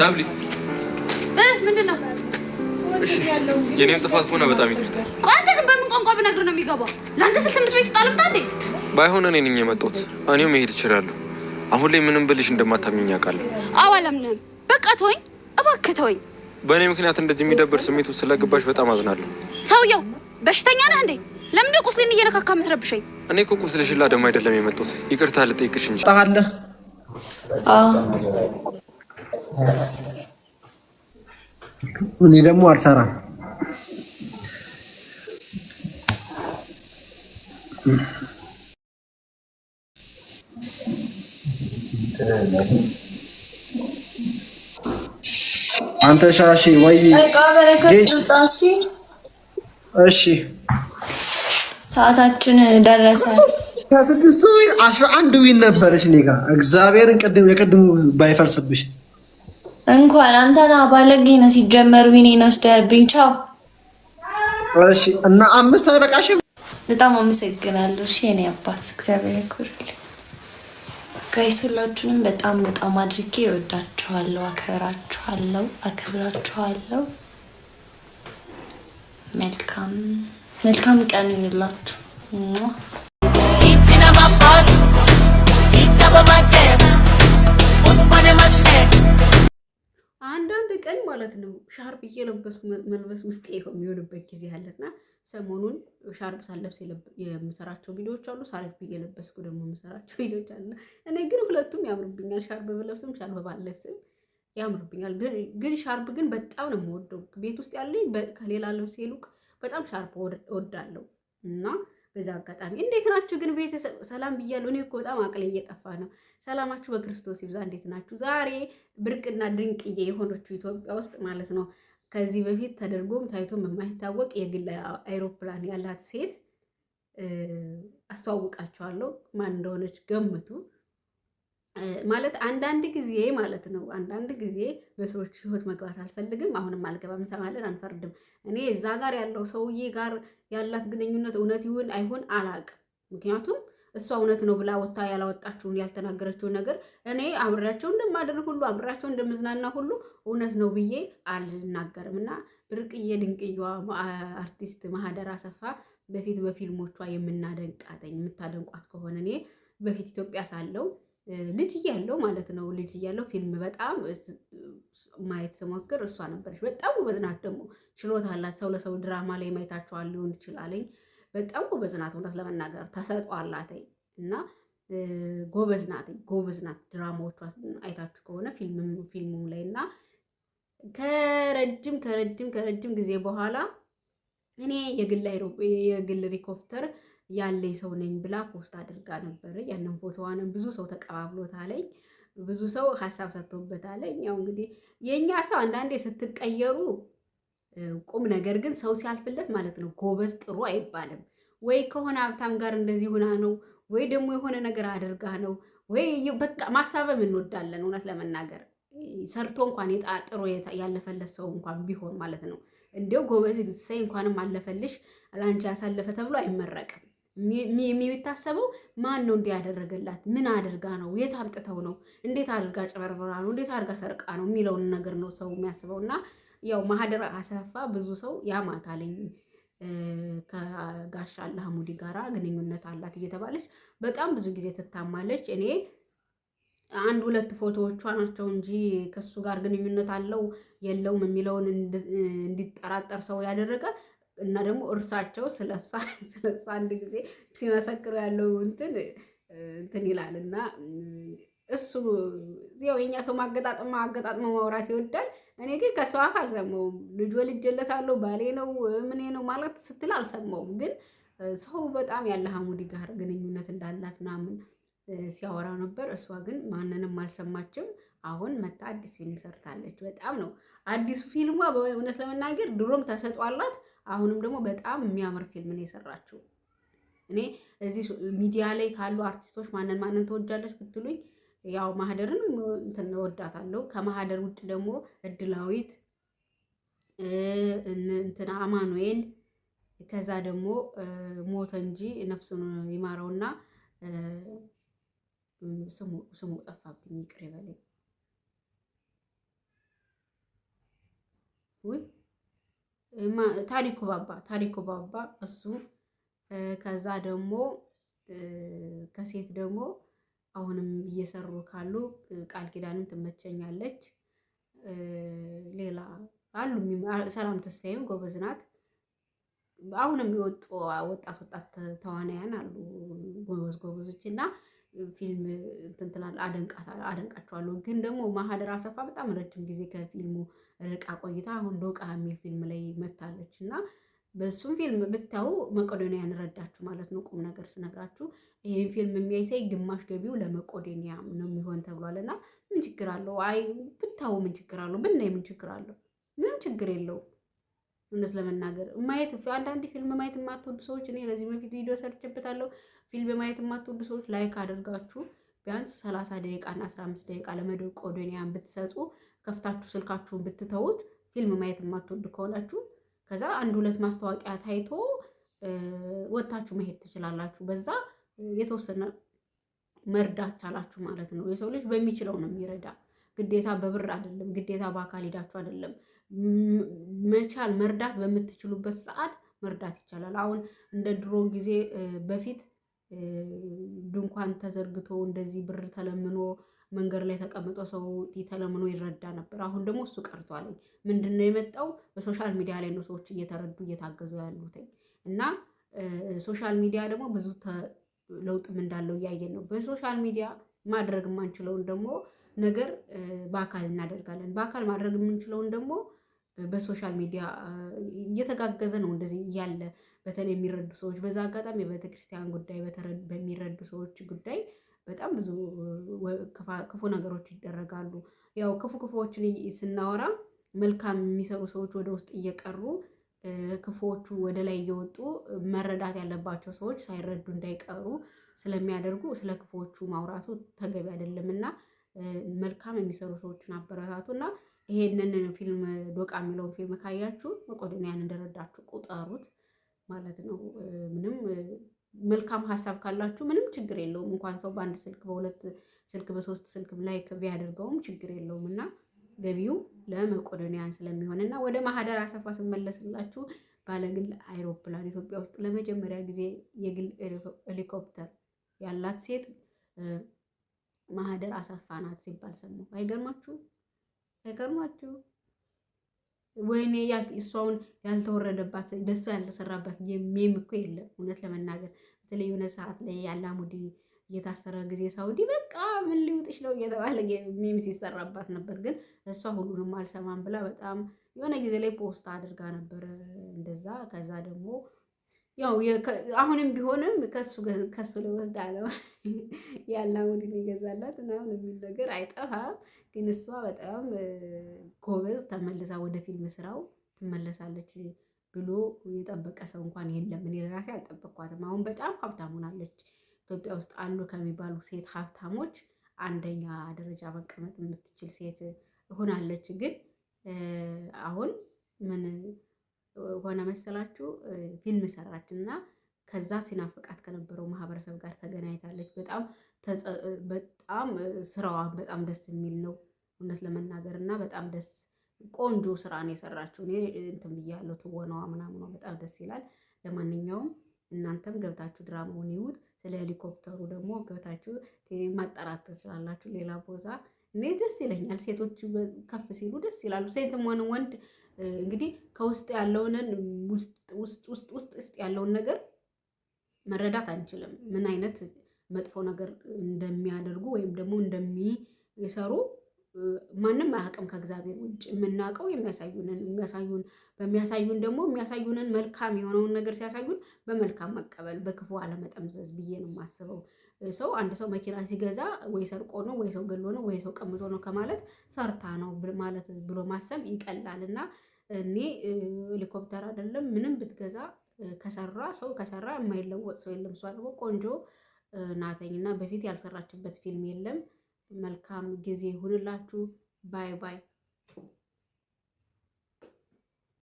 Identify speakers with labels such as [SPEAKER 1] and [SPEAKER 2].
[SPEAKER 1] ሳብሊ ምንድን የኔም ጥፋት ከሆነ በጣም ይቅርታ።
[SPEAKER 2] ቆይ አንተ ግን በምን ቋንቋ ብነግር ነው የሚገባው? ለአንተ ስል ትምህርት ቤት እንዴ?
[SPEAKER 1] ባይሆን እኔ ነኝ የመጣሁት። እኔው መሄድ እችላለሁ። አሁን ላይ ምንም ብልሽ እንደማታምኚኝ አውቃለሁ።
[SPEAKER 2] አዎ አላምንህም። በቃ ተወኝ፣ እባክህ ተወኝ።
[SPEAKER 1] በእኔ ምክንያት እንደዚህ የሚደብር ስሜት ውስጥ ስለገባሽ በጣም አዝናለሁ።
[SPEAKER 2] ሰውየው በሽተኛ ነህ እንዴ? ለምንድን ቁስሌን እየነካካ የምትረብሸኝ?
[SPEAKER 1] እኔ እኮ ቁስልሽላ ደግሞ አይደለም የመጣሁት፣ ይቅርታ ልጠይቅሽ እንጂ።
[SPEAKER 3] እኔ ደግሞ አልሰራም። አንተ ሻሺ ወይ እሺ፣
[SPEAKER 4] ሰዓታችን ደረሰ።
[SPEAKER 3] ከስድስቱ አስራ አንድ ዊን ነበረች እኔ ጋ እግዚአብሔርን ቅድም የቅድሙ ባይፈርስብሽ
[SPEAKER 4] እንኳን አንተና ባለጌ ነው ሲጀመር ቢኔ ነው ስደብኝ። ቻው።
[SPEAKER 3] እሺ፣ እና አምስት አበቃሽ።
[SPEAKER 4] በጣም አመሰግናለሁ። እሺ፣ የኔ አባት እግዚአብሔር ይክብርልኝ። ጋይስ ሁላችሁንም በጣም በጣም አድርጌ እወዳችኋለሁ፣ አከብራችኋለሁ፣ አከብራችኋለሁ። መልካም መልካም ቀን ይሁንላችሁ።
[SPEAKER 2] አንዳንድ ቀን ማለት ነው ሻርፕ እየለበሱ መልበስ ውስጤ የሚሆንበት ጊዜ አለና ሰሞኑን ሻርፕ ሳለብስ የምሰራቸው ቪዲዮዎች አሉ። ሻርፕ እየለበስኩ ደግሞ የምሰራቸው ቪዲዮዎች አሉ። እኔ ግን ሁለቱም ያምርብኛል። ሻርፕ ብለብስም ሻርፕ ባለብስም ያምርብኛል። ግን ሻርፕ ግን በጣም ነው የምወደው። ቤት ውስጥ ያለኝ ከሌላ ልብስ ይልቅ በጣም ሻርፕ እወዳለሁ እና በዛ አጋጣሚ እንዴት ናችሁ ግን ቤተሰብ? ሰላም ብያለሁ። እኔ እኮ በጣም አቅሌ እየጠፋ ነው። ሰላማችሁ በክርስቶስ ይብዛ። እንዴት ናችሁ? ዛሬ ብርቅና ድንቅዬ የሆነችው ኢትዮጵያ ውስጥ ማለት ነው ከዚህ በፊት ተደርጎም ታይቶም የማይታወቅ የግል አይሮፕላን ያላት ሴት አስተዋውቃችኋለሁ። ማን እንደሆነች ገምቱ። ማለት አንዳንድ ጊዜ ማለት ነው። አንዳንድ ጊዜ በሰዎች ህይወት መግባት አልፈልግም፣ አሁንም አልገባም። እንሰማለን፣ አንፈርድም። እኔ እዛ ጋር ያለው ሰውዬ ጋር ያላት ግንኙነት እውነት ይሁን አይሁን አላቅም። ምክንያቱም እሷ እውነት ነው ብላ ወታ ያላወጣችውን ያልተናገረችውን ነገር እኔ አብሬያቸው እንደማደር ሁሉ አብሬያቸው እንደምዝናና ሁሉ እውነት ነው ብዬ አልናገርም። እና ብርቅዬ ድንቅዬዋ አርቲስት ማህደር አሰፋ በፊት በፊልሞቿ የምናደንቃተኝ የምታደንቋት ከሆነ እኔ በፊት ኢትዮጵያ ሳለው ልጅ እያለው ማለት ነው። ልጅ እያለው ፊልም በጣም ማየት ስሞክር እሷ ነበረች። በጣም ጎበዝ ናት፣ ደግሞ ችሎታ አላት። ሰው ለሰው ድራማ ላይ ማየታቸዋል ሊሆን ይችላለኝ። በጣም ጎበዝ ናት፣ እውነት ለመናገር ተሰጥኦ አላት እና ጎበዝ ናት፣ ጎበዝ ናት። ድራማዎቿ አይታችሁ ከሆነ ፊልሙ ላይ እና ከረጅም ከረጅም ከረጅም ጊዜ በኋላ እኔ የግል ሪኮፕተር ያለኝ ሰው ነኝ ብላ ፖስት አድርጋ ነበረ። ያንን ፎቶዋንም ብዙ ሰው ተቀባብሎታለኝ፣ ብዙ ሰው ሀሳብ ሰጥቶበታለኝ። ያው እንግዲህ የእኛ ሰው አንዳንዴ ስትቀየሩ ቁም ነገር ግን ሰው ሲያልፍለት ማለት ነው ጎበዝ ጥሩ አይባልም ወይ ከሆነ ሀብታም ጋር እንደዚህ ሁና ነው ወይ ደግሞ የሆነ ነገር አድርጋ ነው ወይ በቃ ማሳበብ እንወዳለን። እውነት ለመናገር ሰርቶ እንኳን ጥሮ ያለፈለት ሰው እንኳን ቢሆን ማለት ነው እንዲያው ጎበዝ ግሳይ እንኳንም አለፈልሽ ለአንቺ ያሳለፈ ተብሎ አይመረቅም። የሚታሰበው ማን ነው? እንዲያደረገላት ምን አድርጋ ነው? የት አምጥተው ነው? እንዴት አድርጋ ጭበርበራ ነው? እንዴት አድርጋ ሰርቃ ነው? የሚለውን ነገር ነው ሰው የሚያስበው። እና ያው ማህደር አሰፋ ብዙ ሰው ያማታለኝ ከጋሽ አላሙዲ ጋራ ግንኙነት አላት እየተባለች በጣም ብዙ ጊዜ ትታማለች። እኔ አንድ ሁለት ፎቶዎቿ ናቸው እንጂ ከሱ ጋር ግንኙነት አለው የለውም የሚለውን እንዲጠራጠር ሰው ያደረገ እና ደግሞ እርሳቸው ስለሷ አንድ ጊዜ ሲመሰክሩ ያለው እንትን እንትን ይላል እና እሱ ያው የኛ ሰው ማገጣጥማ አገጣጥመው ማውራት ይወዳል። እኔ ግን ከሰው አፍ አልሰማውም። ልጅ ወልጄለታለሁ ባሌ ነው ምኔ ነው ማለት ስትል አልሰማውም። ግን ሰው በጣም ያለ ሀሙዲ ጋር ግንኙነት እንዳላት ምናምን ሲያወራ ነበር። እሷ ግን ማንንም አልሰማችም። አሁን መታ አዲስ ፊልም ሰርታለች። በጣም ነው አዲሱ ፊልሟ በእውነት ለመናገር ድሮም ተሰጧላት አሁንም ደግሞ በጣም የሚያምር ፊልም ነው የሰራችው። እኔ እዚህ ሚዲያ ላይ ካሉ አርቲስቶች ማንን ማንን ተወጃለች ብትሉኝ ያው ማህደርን እንትን ወዳታለሁ። ከማህደር ውጭ ደግሞ እድላዊት እንትን አማኑኤል ከዛ ደግሞ ሞተ እንጂ ነፍሱን ይማረውና ስሙ ጠፋብኝ፣ ይቅር ይበለኝ። ታሪኩ ባባ ታሪኩ ባባ እሱ ከዛ ደግሞ ከሴት ደግሞ አሁንም እየሰሩ ካሉ ቃል ኪዳንም ትመቸኛለች። ሌላ አሉ ሰላም ተስፋዬም ጎበዝ ናት። አሁንም የወጡ ወጣት ወጣት ተዋናያን አሉ ጎበዝ ጎበዞች እና ፊልም እንትን አደንቃቸዋለሁ። ግን ደግሞ ማህደር አሰፋ በጣም ረጅም ጊዜ ከፊልሙ ርቃ ቆይታ አሁን ዶቃ የሚል ፊልም ላይ መታለች እና በሱም ፊልም ብታዩ መቄዶንያን ረዳችሁ ማለት ነው። ቁም ነገር ስነግራችሁ ይህን ፊልም የሚያይሳይ ግማሽ ገቢው ለመቆዴኒያ ነው የሚሆን ተብሏል እና ምን ችግር አለው? አይ ብታዩ ምን ችግር አለው? ብናይ ምን ችግር አለው? ምንም ችግር የለውም። እውነት ለመናገር ማየት አንዳንድ ፊልም ማየት የማትወዱ ሰዎች እኔ ከዚህ በፊት ቪዲዮ ሰርችበታለሁ። ፊልም ማየት የማትወዱ ሰዎች ላይክ አድርጋችሁ ቢያንስ ሰላሳ ደቂቃና 15 አምስት ደቂቃ ለመቄዶንያን ብትሰጡ ከፍታችሁ ስልካችሁን ብትተውት ፊልም ማየት የማትወዱ ከሆናችሁ ከዛ አንድ ሁለት ማስታወቂያ ታይቶ ወጥታችሁ መሄድ ትችላላችሁ። በዛ የተወሰነ መርዳት ቻላችሁ ማለት ነው። የሰው ልጅ በሚችለው ነው የሚረዳ። ግዴታ በብር አይደለም፣ ግዴታ በአካል ሄዳችሁ አይደለም። መቻል መርዳት በምትችሉበት ሰዓት መርዳት ይቻላል። አሁን እንደ ድሮ ጊዜ በፊት ድንኳን ተዘርግቶ እንደዚህ ብር ተለምኖ መንገድ ላይ ተቀምጦ ሰው ተለምኖ ይረዳ ነበር። አሁን ደግሞ እሱ ቀርቷል። ምንድነው የመጣው? በሶሻል ሚዲያ ላይ ነው ሰዎች እየተረዱ እየታገዙ ያሉት እና ሶሻል ሚዲያ ደግሞ ብዙ ለውጥም እንዳለው እያየን ነው። በሶሻል ሚዲያ ማድረግ የማንችለውን ደግሞ ነገር በአካል እናደርጋለን። በአካል ማድረግ የምንችለውን ደግሞ በሶሻል ሚዲያ እየተጋገዘ ነው እንደዚህ እያለ በተለይ የሚረዱ ሰዎች በዛ አጋጣሚ የቤተክርስቲያን ጉዳይ በሚረዱ ሰዎች ጉዳይ በጣም ብዙ ክፉ ነገሮች ይደረጋሉ። ያው ክፉ ክፉዎችን ስናወራ መልካም የሚሰሩ ሰዎች ወደ ውስጥ እየቀሩ ክፉዎቹ ወደ ላይ እየወጡ መረዳት ያለባቸው ሰዎች ሳይረዱ እንዳይቀሩ ስለሚያደርጉ ስለ ክፉዎቹ ማውራቱ ተገቢ አይደለም እና መልካም የሚሰሩ ሰዎችን አበረታቱ እና ይሄንን ፊልም ዶቃ የሚለውን ፊልም ካያችሁ መቄዶንያን እንደረዳችሁ ቁጠሩት ማለት ነው። ምንም መልካም ሀሳብ ካላችሁ ምንም ችግር የለውም። እንኳን ሰው በአንድ ስልክ፣ በሁለት ስልክ፣ በሶስት ስልክ ላይ ቢያደርገውም ችግር የለውም እና ገቢው ለመቄዶንያን ስለሚሆን እና ወደ ማህደር አሰፋ ስመለስላችሁ ባለግል አይሮፕላን ኢትዮጵያ ውስጥ ለመጀመሪያ ጊዜ የግል ሄሊኮፕተር ያላት ሴት ማህደር አሰፋናት ሲባል ሰማሁ። አይገርማችሁ? አይገርማችሁ? ወይኔ እሷውን ያልተወረደባት በእሷ ያልተሰራባት ሜም እኮ የለም። እውነት ለመናገር በተለይ የሆነ ሰዓት ላይ ያላሙዲ እየታሰረ ጊዜ ሳውዲ በቃ ምን ሊውጥሽ ነው እየተባለ ሜም ሲሰራባት ነበር። ግን እሷ ሁሉንም አልሰማም ብላ በጣም የሆነ ጊዜ ላይ ፖስት አድርጋ ነበር እንደዛ። ከዛ ደግሞ ያው አሁንም ቢሆንም ከሱ ከሱ ላይ ወስዳ አለው ያላ ውድን ይገዛላት ምናምን የሚል ነገር አይጠፋም። ግን እሷ በጣም ጎበዝ ተመልሳ ወደ ፊልም ስራው ትመለሳለች ብሎ የጠበቀ ሰው እንኳን የለም። እኔ ራሴ አልጠበቅኳትም። አሁን በጣም ሀብታም ሆናለች። ኢትዮጵያ ውስጥ አሉ ከሚባሉ ሴት ሀብታሞች አንደኛ ደረጃ መቀመጥ የምትችል ሴት ሆናለች። ግን አሁን ምን ሆነ መሰላችሁ ፊልም ሰራች እና ከዛ ሲናፍቃት ከነበረው ማህበረሰብ ጋር ተገናኝታለች። በጣም በጣም ስራዋ በጣም ደስ የሚል ነው እውነት ለመናገር እና በጣም ደስ ቆንጆ ስራ ነው የሰራችው። እኔ እንትን ብያለሁ ትወናዋ ምናምኗ በጣም ደስ ይላል። ለማንኛውም እናንተም ገብታችሁ ድራማውን ይዩት። ስለ ሄሊኮፕተሩ ደግሞ ገብታችሁ ማጣራት ትችላላችሁ። ሌላ ቦታ እኔ ደስ ይለኛል። ሴቶች ከፍ ሲሉ ደስ ይላሉ። ሴትም ሆነ ወንድ እንግዲህ ከውስጥ ያለውንን ውስጥ ውስጥ ውስጥ ያለውን ነገር መረዳት አንችልም። ምን አይነት መጥፎ ነገር እንደሚያደርጉ ወይም ደግሞ እንደሚሰሩ ማንም አያውቅም ከእግዚአብሔር ውጭ። የምናውቀው የሚያሳዩንን የሚያሳዩን በሚያሳዩን ደግሞ የሚያሳዩንን መልካም የሆነውን ነገር ሲያሳዩን በመልካም መቀበል፣ በክፉ አለመጠምዘዝ ብዬ ነው የማስበው። ሰው አንድ ሰው መኪና ሲገዛ ወይ ሰርቆ ነው ወይ ሰው ገሎ ነው ወይ ሰው ቀምጦ ነው ከማለት ሰርታ ነው ማለት ብሎ ማሰብ ይቀላል። እና እኔ ሄሊኮፕተር አይደለም ምንም ብትገዛ ከሰራ ሰው ከሰራ የማይለወጥ ሰው የለም። እሷ ደግሞ ቆንጆ ናተኝ እና በፊት ያልሰራችበት ፊልም የለም። መልካም ጊዜ ይሁንላችሁ። ባይ ባይ